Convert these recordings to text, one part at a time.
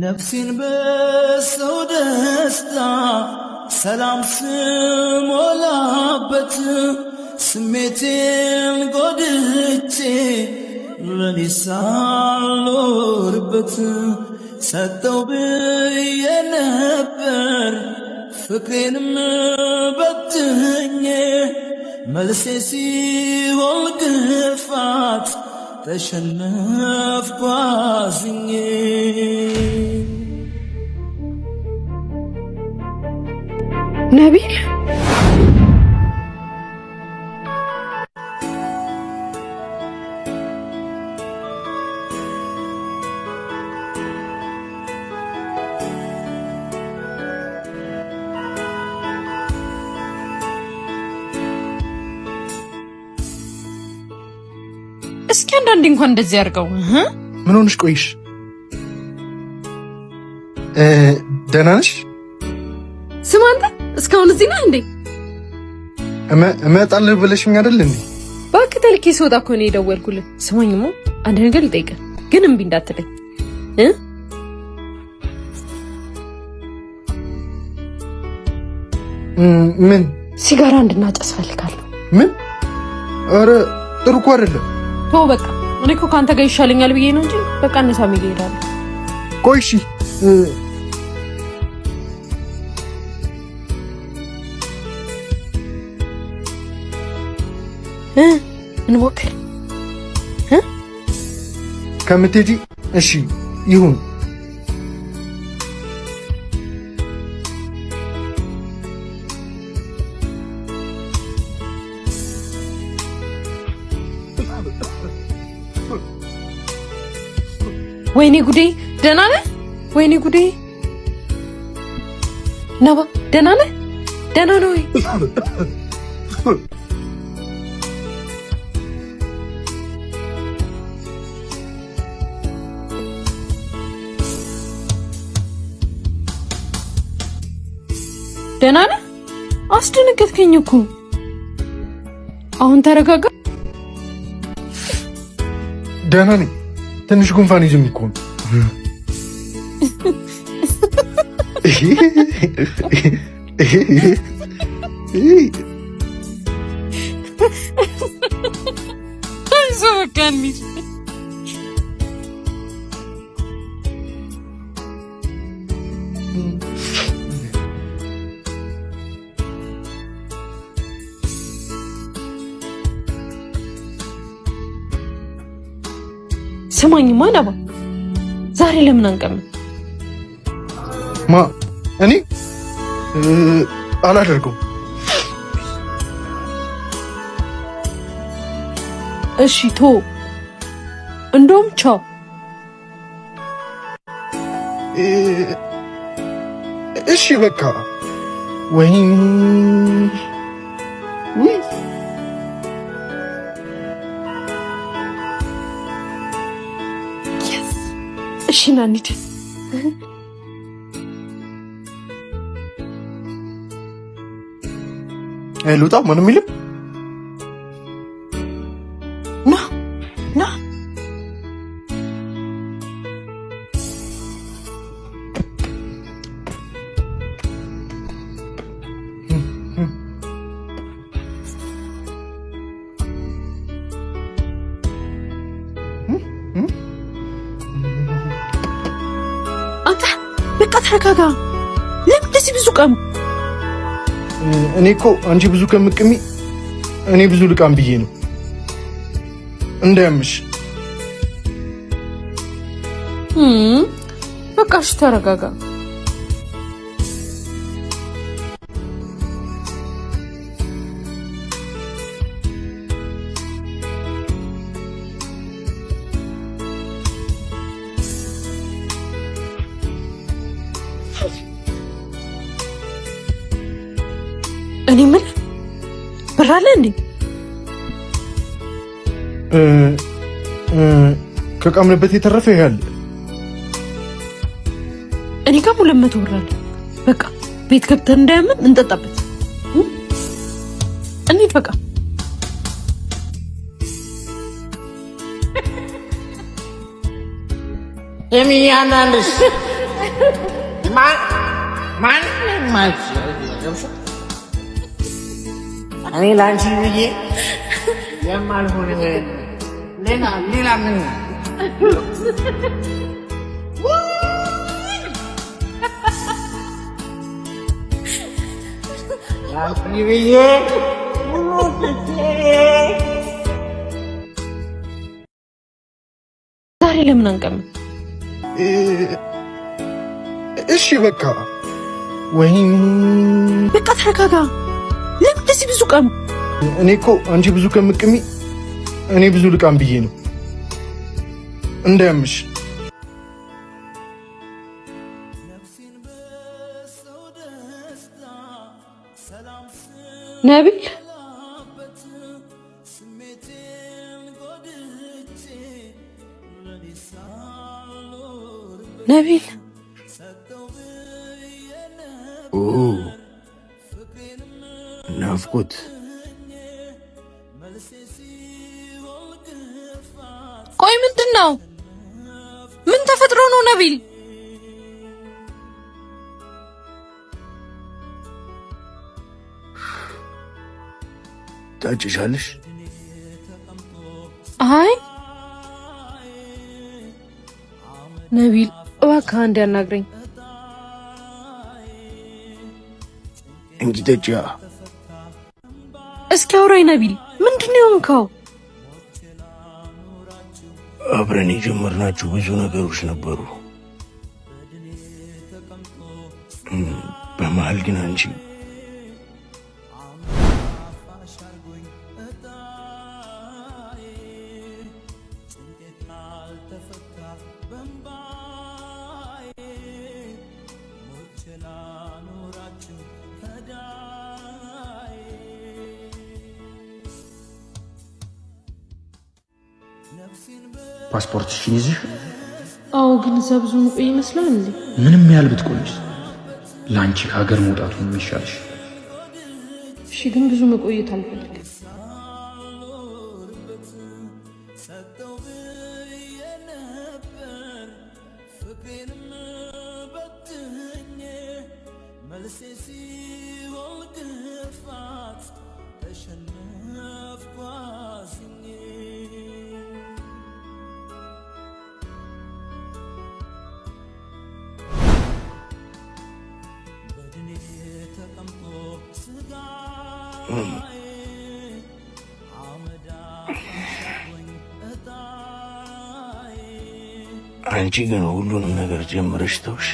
ነፍሴን በሰው ደስታ ሰላም ስሞላበት ስሜቴን ጎድቼ ለኔ ሳልኖርበት ሰጠው ብዬ ነበር ፍቅሬንም በትኜ መልሴ ሲሆን ግፋት ተሸነፍኩ አዝኜ አንዳንዴ እንኳን እንደዚህ ያርገው። ምን ሆንሽ? ቆይሽ ደህና ነሽ? ስማ አንተ እስካሁን እዚህ ነህ እንዴ? እመጣለሁ ብለሽኝ አይደል እንዴ? እባክህ ተልኬ ስወጣ እኮ ነው የደወልኩልህ። ስማኝማ አንድ ነገር ልጠይቅህ፣ ግን እምቢ እንዳትለኝ እ ምን ሲጋራ እንድናጨስ ፈልጋለሁ። ምን? ኧረ ጥሩ እኮ አይደለም ቶ በቃ እኔ እኮ ከአንተ ጋር ይሻለኛል ብዬ ነው እንጂ በቃ እነሳ ሳሚ ጋር እሄዳለሁ። ቆይ እሺ እንሞክር ከምትሄጂ እሺ ይሁን ወይኔ ጉዴ! ደህና ነህ? ወይኔ ጉዴ! ነባ ደህና ነህ? ደህና ነው ወይ? ደህና ነህ? አስደነገጥከኝ እኮ። አሁን ተረጋጋ። ደህና ነኝ። Temos com vários um encontro. Sou bacana ስማኝማ ነባ፣ ዛሬ ለምን አንቀም? ማ እኔ አላደርገውም። እሺ ቶ እንደውም ቻው። እሺ በቃ ወይ 신안이래. Hey, Luta, mana milip? No, no. Hmm, hmm. ተረጋጋ። ለምን ብዙ ቀሙ? እኔ እኮ አንቺ ብዙ ከምቅሚ እኔ ብዙ ልቃም ብዬ ነው እንዳያምሽ። በቃሽ፣ ተረጋጋ። ብር አለ እንዴ? ከቃምንበት የተረፈ ይሄ እኔ ጋም ሁለት መቶ ብር አለ። በቃ ቤት ገብተን እንዳያመን እንጠጣበት። እንዴት በቃ የሚያናንስ ማን ማን እኔ ለአንቺ ብዬ የማልሆን ሌላ ሌላ ምን ለአንቺ ብዬ ዛሬ ለምን አንቀም? እሺ በቃ ወይ በቃ ተረጋጋ። ለምን ብዙ እኔ እኮ አንቺ ብዙ ቀን እኔ ብዙ ልቃም ብዬ ነው እንዳያምሽ። ነቢል ነቢል ናፍቆት ቆይ ምንድን ነው? ምን ተፈጥሮ ነው ነቢል? ታጭሻለሽ? አይ ነቢል እባክህ አንድ ያናግረኝ እንጂ ጠጪያ እስኪ አውራይ ነቢል፣ ምንድን ነው የሆንከው? አብረን የጀመርናቸው ብዙ ነገሮች ነበሩ። በመሀል ግን አንቺ ፓስፖርትሽን ይዘሽ? አዎ፣ ግን እዛ ብዙ መቆይ ይመስላል እንዴ? ምንም ያህል ብትቆይስ ለአንቺ ከሀገር መውጣቱ ነው የሚሻልሽ። እሺ፣ ግን ብዙ መቆየት አልፈልግም። አንቺ ግን ሁሉንም ነገር ጀምረሽ ተውሽ፣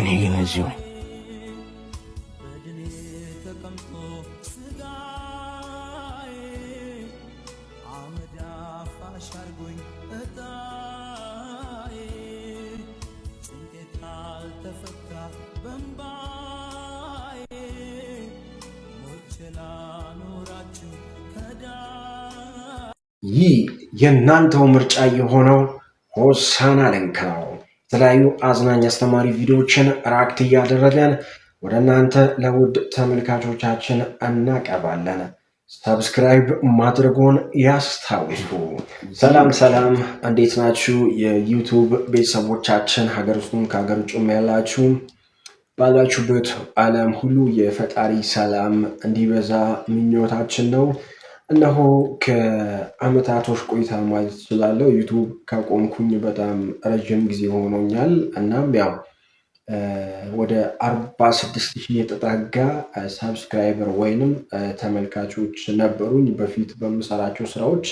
እኔ ግን እዚሁ ነኝ። ይህ የእናንተው ምርጫ የሆነው ሆሳና ሊንክ ነው። የተለያዩ አዝናኝ አስተማሪ ቪዲዮዎችን ራክት እያደረገን ወደ እናንተ ለውድ ተመልካቾቻችን እናቀርባለን። ሰብስክራይብ ማድረጎን ያስታውሱ። ሰላም ሰላም፣ እንዴት ናችሁ የዩቱብ ቤተሰቦቻችን? ሀገር ውስጡም ከሀገር ውጭም ያላችሁ ባላችሁበት ዓለም ሁሉ የፈጣሪ ሰላም እንዲበዛ ምኞታችን ነው። እነሆ ከአመታቶች ቆይታ ማለት እችላለሁ ዩቱብ ካቆምኩኝ በጣም ረዥም ጊዜ ሆኖኛል። እናም ያው ወደ አርባ ስድስት ሺህ የተጠጋ ሳብስክራይበር ወይንም ተመልካቾች ነበሩኝ በፊት በምሰራቸው ስራዎች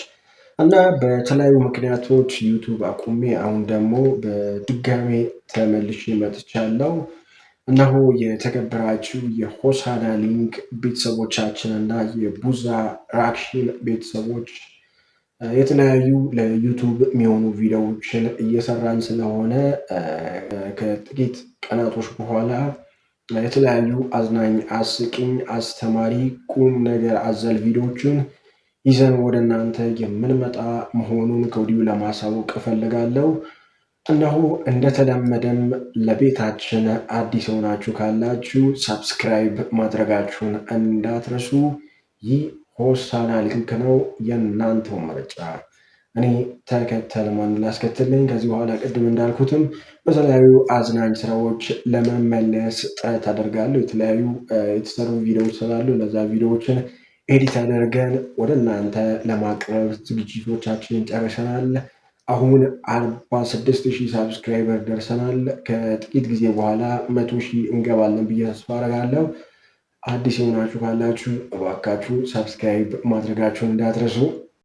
እና በተለያዩ ምክንያቶች ዩቱብ አቁሜ አሁን ደግሞ በድጋሜ ተመልሼ መጥቻለሁ እነሆ የተከበራችሁ የሆሳና ሊንክ ቤተሰቦቻችን እና የቡዛ ራክሽን ቤተሰቦች የተለያዩ ለዩቱብ የሚሆኑ ቪዲዮዎችን እየሰራን ስለሆነ ከጥቂት ቀናቶች በኋላ የተለያዩ አዝናኝ፣ አስቂኝ፣ አስተማሪ፣ ቁም ነገር አዘል ቪዲዮዎችን ይዘን ወደ እናንተ የምንመጣ መሆኑን ከወዲሁ ለማሳወቅ እፈልጋለሁ። እነሆ እንደተለመደም ለቤታችን አዲስ የሆናችሁ ካላችሁ ሰብስክራይብ ማድረጋችሁን እንዳትረሱ። ይህ ሆሳና ሊንክ ነው፣ የእናንተው ምርጫ። እኔ ተከተል ማን ላስከትልኝ። ከዚህ በኋላ ቅድም እንዳልኩትም በተለያዩ አዝናኝ ስራዎች ለመመለስ ጥረት አደርጋለሁ። የተለያዩ የተሰሩ ቪዲዮዎች ስላሉ እነዛ ቪዲዮዎችን ኤዲት አደርገን ወደ እናንተ ለማቅረብ ዝግጅቶቻችን ጨርሰናል። አሁን አርባ ስድስት ሺህ ሳብስክራይበር ደርሰናል። ከጥቂት ጊዜ በኋላ መቶ ሺህ እንገባለን ብዬ ተስፋ አደርጋለሁ። አዲስ የሆናችሁ ካላችሁ እባካችሁ ሳብስክራይብ ማድረጋችሁን እንዳትረሱ።